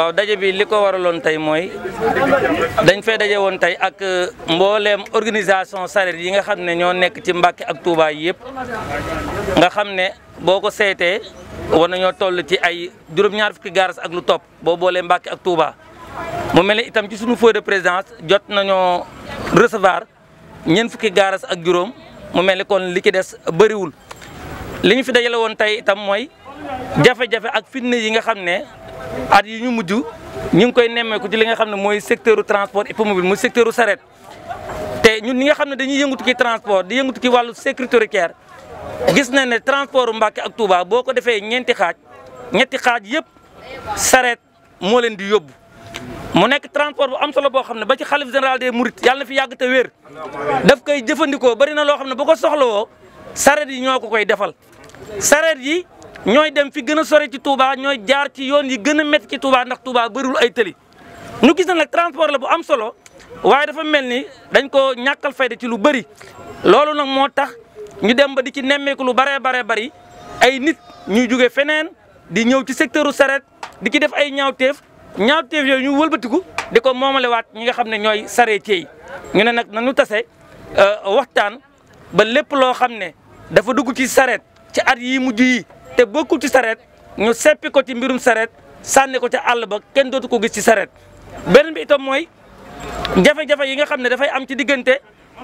waaw daje bi li ko waraloon tey mooy dañ fee daje woon tey ak euh, mbooleem organisation sareet yi nga xam ne ñoo nekk ci Mbàkke ak Touba yëpp nga xam ne boo ko seetee war nañoo toll ci ay juróom-ñaar fukki garas ak lu topp boo boolee Mbàkke ak Touba. mu mel ne itam ci suñu feuille de présidence jot nañoo resevoir ñeent fukki garas ak juróom mu mel ne kon li ci des bëriwul li ñu fi dajale woon tey itam mooy. jafe-jafe ak fitna yi nga xam ne at yi ñu mujj ñu ngi koy nemmeeku ci li nga xam ne mooy secteur transport hippomobile muy secteur u saret te ñun ñi nga xam ne dañuy yëngatu ki transport di yëngatu ci wàllu sécurité routière gis na ne transport Mbàkke ak Touba boo ko defee ñeenti xaaj ñetti xaaj yëpp saret moo leen di yóbbu mu nekk transport bu am solo boo xam ne ba ci xalif général des Mourides yàlla na fi yàgg te wér daf koy jëfandikoo bari na loo xam ne bu ko soxlawoo saret yi ñoo ko koy defal ñooy dem fi gën a sore ci Touba ñooy jaar ci yoon yi gën a métti ci Touba ndax Touba bëriwul ay tëli ñu gis na nag transport la bu am solo waaye dafa mel ni dañ ko ñàkkal fayda ci lu bëri loolu nag moo tax ñu dem ba di ci nemmeeku lu baree baree bari ay nit ñuy jóge feneen di ñëw ci secteur u sareet di ci def ay ñaawteef ñaawteef yooyu ñu wëlbatiku di ko moomalewaat ñi nga xam ne ñooy sareetier yi ñu ne nag nañu tase euh, waxtaan ba lépp loo xam ne dafa dugg ci sareet ci at yi mujj yi te bokkul ci sareet ñu seppi ko ci mbirum sareet sànni ko ci àll ba kenn dootu ko gis ci sareet beneen bi itam mooy jafe-jafe yi nga xam ne dafay am ci diggante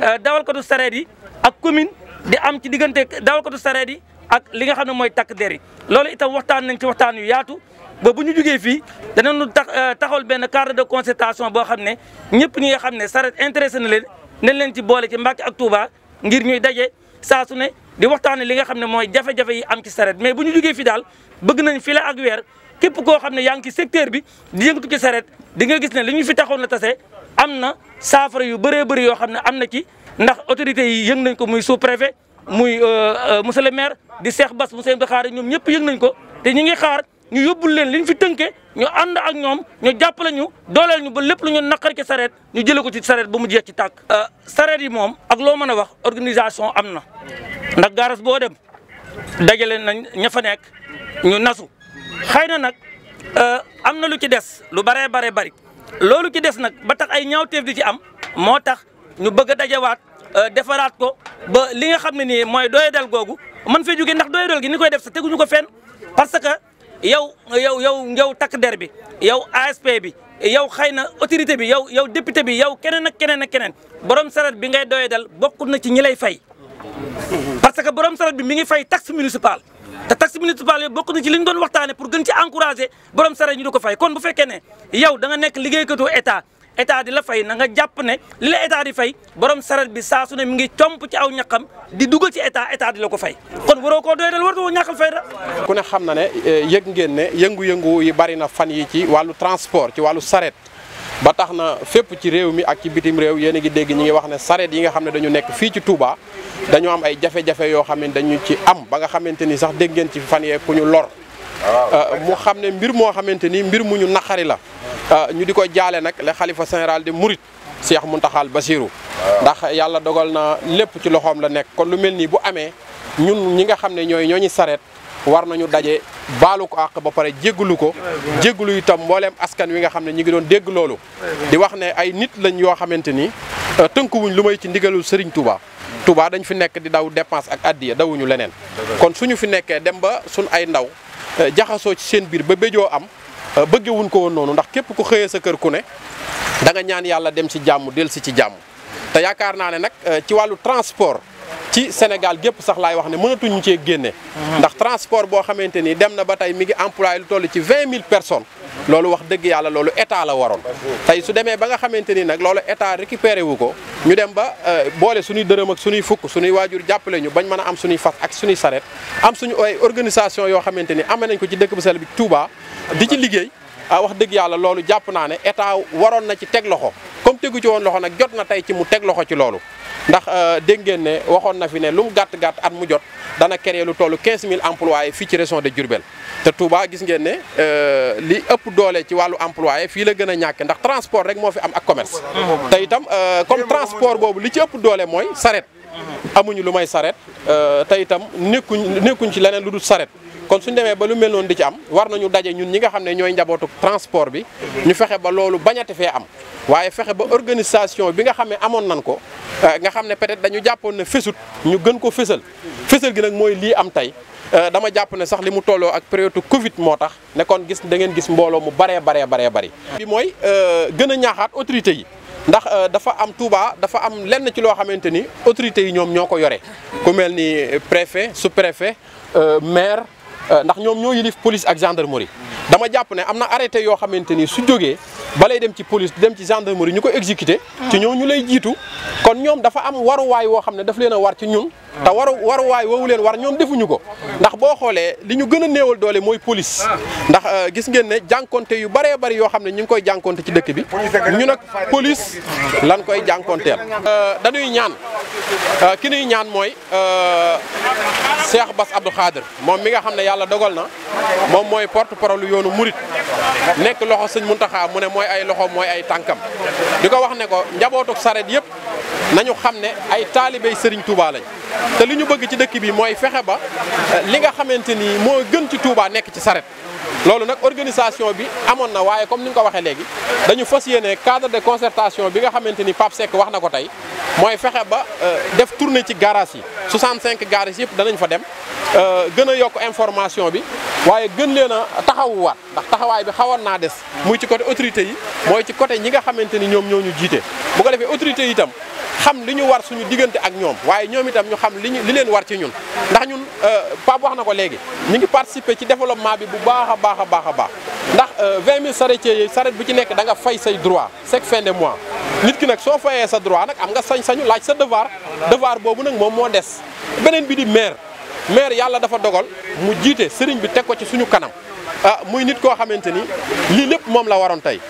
dawal euh, dawalkatu sareet yi ak commune di am ci diggante dawalkatu sareet yi ak li nga xam ne mooy takk der loolu itam waxtaan nañ ci waxtaan yu yaatu ba bu ñu jugee fii danañu tax euh, taxawal benn cadre de concertation boo xam ne ñëpp ñi nga xam ne sareet intéressé na leen nañ leen ci boole ci Mbàkke ak Touba ngir ñuy daje. saa su ne di waxtaane li nga xam ne mooy jafe-jafe yi am ci saret mais bu ñu jugee fi daal bëgg nañ fi la ak weer képp koo xam ne yaa ngi ci secteur bi di yëngatu ci saret di nga gis ne li ñu fi taxoon na tase am na saafara yu bëree bëri yoo xam ne am na ci ndax autorités yi yëng nañ ko muy sous préfet muy euh, euh, monsieur le maire bas Cheikh Bass monsieur Ibrahima ñoom ñëpp yëng nañ ko te ñi ngi xaar ñu yóbbul leen liñ fi tënkee ñu ànd ak ñoom ñu jàppale ñu dooleel ñu ba lépp lu ñu naqari ci sareet ñu jëlee ko ci sareet ba mu jeex ci tàkk. Euh, sareet yi moom ak loo mën a wax organisation am na ndax gaaras boo dem dajale nañ ña fa nekk ñu nasu xëy na nag euh, am na lu ci des lu baree baree bari loolu ci des nag ba tax ay ñaw ñaawteef di ci am moo tax ñu bëgg a dajawaat euh, defaraat ko ba li nga xam ne nii mooy dooy doyadal googu mën fee jógee ndax doyadal gi ni koy def sa teguñu ko fen yow yow yow yow takk der bi yow ASP bi yow xëy na autorité bi yaw yow député bi yow keneen ak keneen ak keneen borom saret bi ngay doyee dal bokk na ci ñi lay fay. parce que borom saret bi mi ngi fay taxe municipale te taxe municipale yooyu bokk na ci li ñu doon waxtaanee pour gën ci encourager borom saret ñu du ko fay kon bu fekkee ne yow da nga nekk liggéeykatu état. état di la fay nanga jàpp ne li la état di fay borom saret bi saa su ne mu ngi comp ci aw ñaqam di dugal ci état état di la ko fay kon waroo koo doy dal waroo ñàkkal fayda ku ne xam na ne eh, yëg ngeen ne yëngu-yëngu yi bari na fan yi ci wàllu transport ci wàllu saret ba tax na fépp ci réew mi ak ci bitim réew yéen a ngi dégg ñi ngi wax ne sareet yi nga xam ne dañu nekk fii ci Touba dañu am ay jafe-jafe yoo xam ne dañu ci am ba nga xamante ni sax dégg ngeen ci fan yee ku ñu lor ah euh, mu xam ne mbir moo xamante ni mbir mu ñu naqari la Euh, ñu di ko jaale nag le xalifa général de Mouride Cheikh Mountakhal Bassirou ndax yàlla dogal na lépp ci loxoom la nekk kon lu mel nii bu amee ñun ñi nga xam ne ñooy ñooñu sareet war nañu daje baalu ko àq ba pare jéggalu ko jéggalu itam mbooleem askan wi nga xam ne ñu ngi doon dégg loolu di wax ne ay nit lañ yoo xamante ni euh, tënkuwuñ lu may ci ndigalul Serigne Touba tubaa dañ fi nekk di daw dépense ak addiya dawuñu leneen kon su ñu fi nekkee dem ba suñ ay ndaw euh, jaxasoo ci seen biir ba béjoo am Euh, bëggewuñ ko woon noonu ndax képp ku xëyee sa kër ku ne da nga ñaan yàlla dem ci jàmm dellu si ci jàmm te yaakaar naa ne nag euh, ci wàllu transport ci Sénégal gépp sax laay wax ne mënatuñu cee génne. Mhm. ndax transport boo xamante ni dem na ba tey mi ngi employé lu toll ci vingt mille personnes. loolu wax dëgg yàlla loolu état la waroon. tey su demee ba nga xamante ni nag loolu état récupéré wu ko. ñu dem ba euh, boole suñuy dërëm ak suñuy fukk suñuy waajur jàppale ñu bañ mën a am suñuy fas ak suñuy saret am suñu ay organisation yoo xamante ni amee nañ ko ci dëkk bu sell bi Touba di ci liggéey. ah wax dëgg yàlla loolu jàpp naa ne état waroon na ci teg loxo comme tegu ci woon loxo nag jot na tey ci mu teg loxo ci loolu ndax euh, dégg ngeen ne waxoon na fi ne lu mu gàtt gàtt at mu jot dana créer lu toll 15000 employés fii ci région de Diourbel te Touba gis ngeen ne euh, li ëpp doole ci wàllu employé fii la gën a ñàkke ndax transport rek moo fi am ak commerce. te itam euh, comme transport boobu li ci ëpp doole mooy saret amuñu lu may saret te itam nekkuñ nekkuñ ci leneen lu dul saret kon suñu demee ba lu mel noonu di ci am war nañu daje ñun ñi nga xam ne ñooy njabootu transport bi ñu fexe ba loolu bañate fee am waaye fexe ba organisation bi nga xam ne amoon nan ko euh, nga xam ne peut-être dañu jàppoon ne fésut ñu gën ko fésal fésal gi nag mooy lii am tey euh, dama jàpp ne sax li mu tolloo ak période Covid moo tax nekkoon gis dangeen gis mbooloo mu bare baree baree bari bi mooy euh, gën a ñaaxaat autorités yi ndax dafa am Touba dafa am lenn ci loo xamante ni autorités yi ñoom ñoo ko yore ku mel ni préfet sous-préfet maire Euh, ndax ñoom ñoo yilif police ak gendarmerie dama jàpp ne am na arrêté yoo xamante ni su jógee balay dem ci police dem ci gendarmerie ñu ko exécuté ci ñoo ñu lay jiitu kon ñoom dafa am waruwaay woo xam ne daf leen a war ci ñun te waru waruwaay woowu leen war ñoom defuñu ko ndax boo xoolee li ñu gën a néewal doole mooy police ndax euh, gis ngeen ne jànkonte yu bëree bëri yoo xam ne ñu ngi koy jànkonte ci dëkk bi ñu nag police lan koy jànkonteel euh, dañuy ñaan euh, ki ñuy ñaan mooy Cheikh Bass Abdou Khader moom mi nga xam ne yàlla dogal na moom mooy porte parole yoonu murit nekk loxo sëñ taxaa mu ne mooy ay loxo mooy ay tànkam di ko wax ne ko njabootuk saret yëpp nañu xam ne ay taalibey sëriñ Touba lañ te li ñu bëgg ci dëkk bi mooy fexe ba euh, li nga xamante ni moo gën ci tuubaa nekk ci saret loolu nag organisation bi amoon na waaye comme ni nga ko waxee léegi dañu fas yéene cadre de concertation bi nga xamante ni Pape Seck wax na ko tey mooy fexe ba euh, def tournée ci garage yi 65 garage yëpp danañ fa dem euh, gën a yokk information bi waaye gën leen a taxawuwaat ndax taxawaay bi xawoon naa des muy ci côté autorité yi mooy ci côté ñi nga xamante ni ñoom ñoo ñu jiite bu ko defee autorité yi itam xam li ñu war suñu diggante ak ñoom waaye ñoom itam ñu xam li ñu li leen war ci ñun ndax ñun euh, Pape wax na ko léegi ñu ngi participer ci développement bi bu baax a baax a baax a baax ndax 20 euh, 000 charretiers yi charrette bu ci nekk da nga fay say droit chaque fin de mois nit ki nag soo fayee sa droit nag am nga sañ-sañu laaj sa devoir devoir boobu nag moom moo des beneen bi di maire maire yàlla dafa dogal mu jiite sëriñ bi teg ko ci suñu kanam ah muy nit koo xamante ni lii lépp moom la waroon tey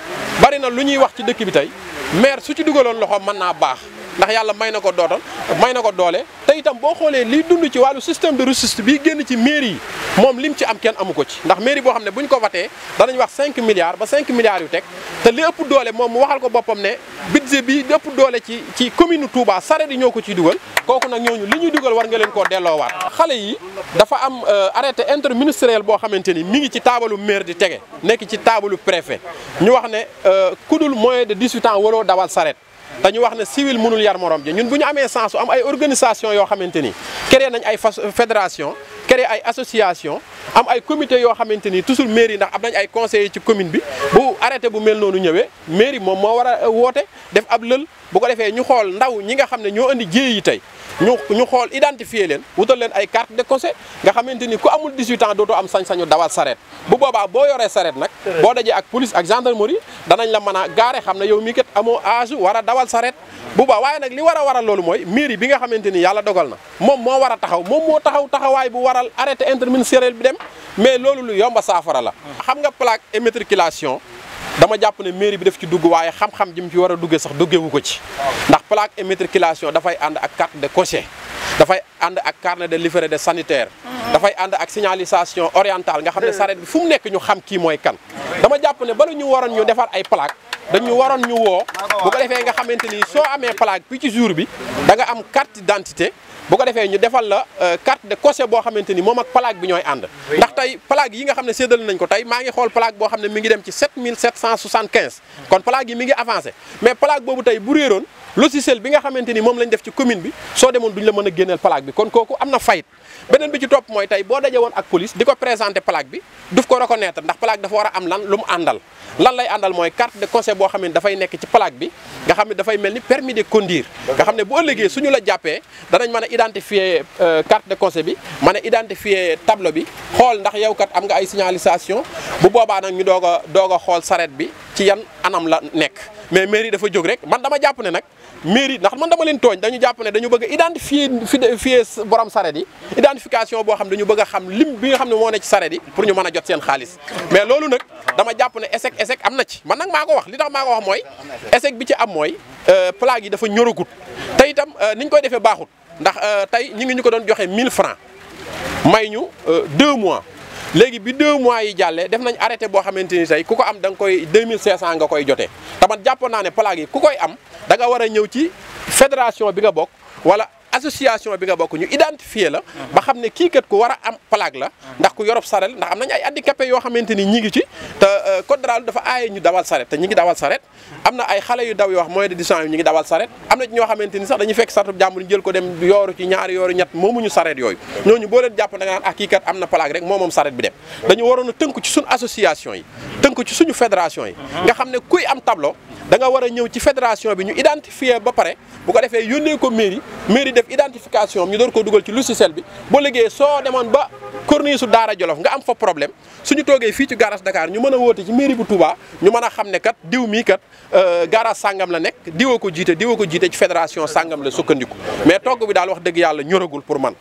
bari na lu ñuy wax ci dëkk bi tey maire su ci dugaloon loxo mën naa baax ndax yàlla may na ko dootal may na ko doole te itam boo xoolee liy dund ci wàllu système de ressources bi génn ci mairie yi moom lim ci am kenn amu ko ci ndax mairie boo xam ne bu ñu ko watee danañ wax 5 milliards ba 5 milliards yu teg te li ëpp doole moom mu waxal ko boppam ne budget bi li ëpp doole ci ci commune tuuba sare yi ñoo ko ciy dugal kooku nag ñooñu li ñuy dugal war nga leen koo delloowaat xale yi dafa am euh, arrêté interministériel boo xamante ni mi ngi ci taabalu maire di tege nekk ci taabalu préfet ñu wax ne euh, ku dul moyen de 18 ans waroo dawal saret dañu wax ne civil mënul yar morom ji ñun bu ñu amee sens am ay organisation yoo xamante ni créé nañ ay fas fédération créé ay association am ay comité yoo xamante ni toujours mairie ndax am nañ ay conseillers ci commune bi bu arrêté bu mel noonu ñëwee mairie moom moo war a woote def ab lël bu ko defee ñu xool ndaw ñi nga xam ne ñoo indi jéey yi tey ñu ñu xool identifier leen wutal leen ay carte de conseil nga xamante ni ku amul 18 ans dootoo am sañ-sañu dawal sareet bu boobaa boo yoree sareet nag boo daje ak police ak gendarmerie danañ la mën a gaare xam ne yow mii kat amoo âge war a dawal sareet bu boobaa waaye nag li war a waral loolu mooy mairie bi nga xamante ni yàlla dogal na moom moo war a taxaw moom moo taxaw taxawaay bu waral arrêté interministériel bi dem mais loolu lu yomba saafara la xam nga plaque immatriculation dama jàpp ne mairie bi def ci dugg waaye xam-xam ji mu ci war dugge duggee sax duggeewu ko ci ndax plaque immatriculation dafay ànd ak carte de cocher dafay ànd ak carnet de livret de sanitaire dafay ànd ak signalisation orientale nga xam ne sareet hmm. bi fu mu nekk ñu xam kii mooy kan dama jàpp ne bala ñu waroon ñu defar ay plaque dañu waroon ñu woo bu ko defee nga xamante ni soo amee plaque bi ci jour bi danga am carte dentité bu ko defee ñu defal la euh, carte de cochet boo xamante ni moom ak plaque bi ñooy ànd ndax tey plaque yi nga xam ne séddal nañ ko tey maa ngi xool plaque boo xam ne mi ngi dem ci 7775 mm. kon plaque yi mi ngi avancé mais plaque boobu tey bu réeroon logiciel bi nga xamante ni moom lañ def ci commune bi soo demoon duñ la mën a génneel plaque bi kon kooku am na fayit beneen bi ci topp mooy tey boo daje woon ak police di ko présenté plaque bi duf ko reconnaître ndax plaque dafa war a am lan lu mu àndal lan lay àndal mooy carte de conseil boo xam ne dafay nekk ci plaque bi nga xam ne dafay mel ni permis de conduire nga xam ne bu ëllëgee ñu la jàppee danañ mën a identifier euh, carte de conseil bi mën a identifier tableau bi xool ndax yow kat am nga ay signalisation bu boobaa nag ñu doog a doog a xool saret bi ci yan anam la nekk mais mairie dafa jóg rek man dama jàpp ne nag mairie ndax man dama leen tooñ dañu jàpp ne dañu bëgg a identifier fier borom saret yi identification boo xam dañu bëgg a xam lim bi nga xam ne moo ne ci saret yi pour ñu mën a jot seen xaalis mais loolu nag dama jàpp ne échec échec am na ci man nag maa ko wax li tax maa wax mooy échec bi ci am mooy euh, plaque yi dafa ñoragut tey itam euh, niñ koy defee baaxut ndax euh, tey ñi ngi ñu ko doon joxe mille francs may ñu 2 mois léegi bi deux mois yi jàllee def nañ arrêté boo xamante ni tey ku ko am danga koy da nga koy 2500 nga koy jotee te man jàpp naa ne plaque yi ku koy am danga war a ñëw ci fédération bi nga bokk wala. association bi nga bokk ñu identifié la mhm. ba xam ne kii kat ku war am plaque la mhm. ndax ku yorob saret ndax am nañu ay handicapé yoo xamante ni ñi ngi ci te euh, code dafa aaye ñu dawal saret te ñi ngi dawal saret mhm. am na ay xale yu daw yoo wax moyen ni sax dañuy fekk saretu jàmbur jël ko dem yooru ci ñaari yooru ñett moomuñu saret yooyu ñooñu boo leen jàpp da nga naan ah, kii kat am na plaque rek moo moom saret bi dem dañu waroon a tënk ci suñu association yi tënk ci suñu fédération yi a bi ba pare bu identification am ñu door ko dugal ci sel bi boo liggéey soo demoon ba corniche su Daara Jolof nga am fa problème su ñu toogee fii ci garage Dakar ñu mën a woote ci mairie bu Touba ñu mën a xam ne kat diw mii kat euh, garage sàngam la nekk diwa ko jiite diwa ko jiite ci fédération sàngam la sukkandiku mais togg bi daal wax dëgg yàlla ñoragul pour man